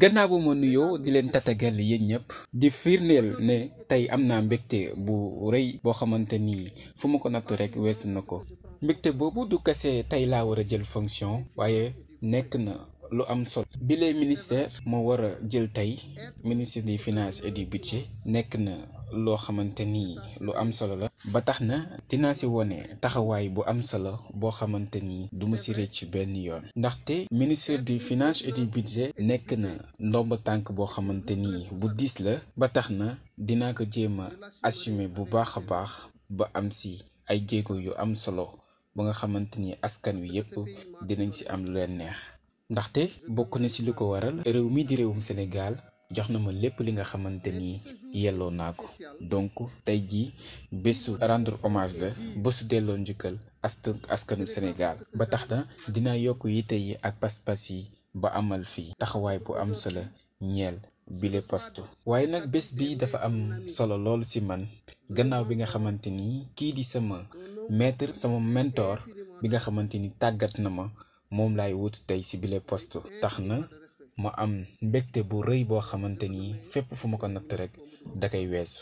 gannaaw bu ma nuyoo di leen tatagal yéen ñëpp di firndeel ne tey am naa mbégte bu rëy boo xamante ni fu ma ko nattu rek weesu na ko mbégte boobu du kese tey laa war a jël fonction waaye nekk na lu am solo bilee ministère moo war a jël tey ministre di finance et du budget nekk na loo xamante ni lu am solo la ba tax na dinaa si wone taxawaay bu am solo boo xamante ni du si rëcc yoon ndaxte ministre du finance et du budget nekk na ndomba tànk boo xamante ni bu diis la ba tax na dina ko jéem a assumer bu baax a baax ba am si ay jéego yu am solo ba nga xamante ni askan wi yépp dinañ si am lu leen neex ndaxte bokk na si li ko waral réew mii di réewum Sénégal jox na ma lépp li nga xamante ni yelloo naa ko donc tey jii bésu rendre hommage la bésu delloo njukkal ask askanu Sénégal ba tax na dina yokk yi tey ak pas-pas yi ba amal fii taxawaay bu am solo ñeel bile poste waaye nag bés bi dafa am solo lool ci man gannaaw bi nga xamante ni kii di sama maître sama mentor bi nga xamante ni tàggat na ma moom lay wut tey ci bile poste tax na ma am mbégte bu rëy boo xamante ni fépp fu ma ko natt rek da koy weesu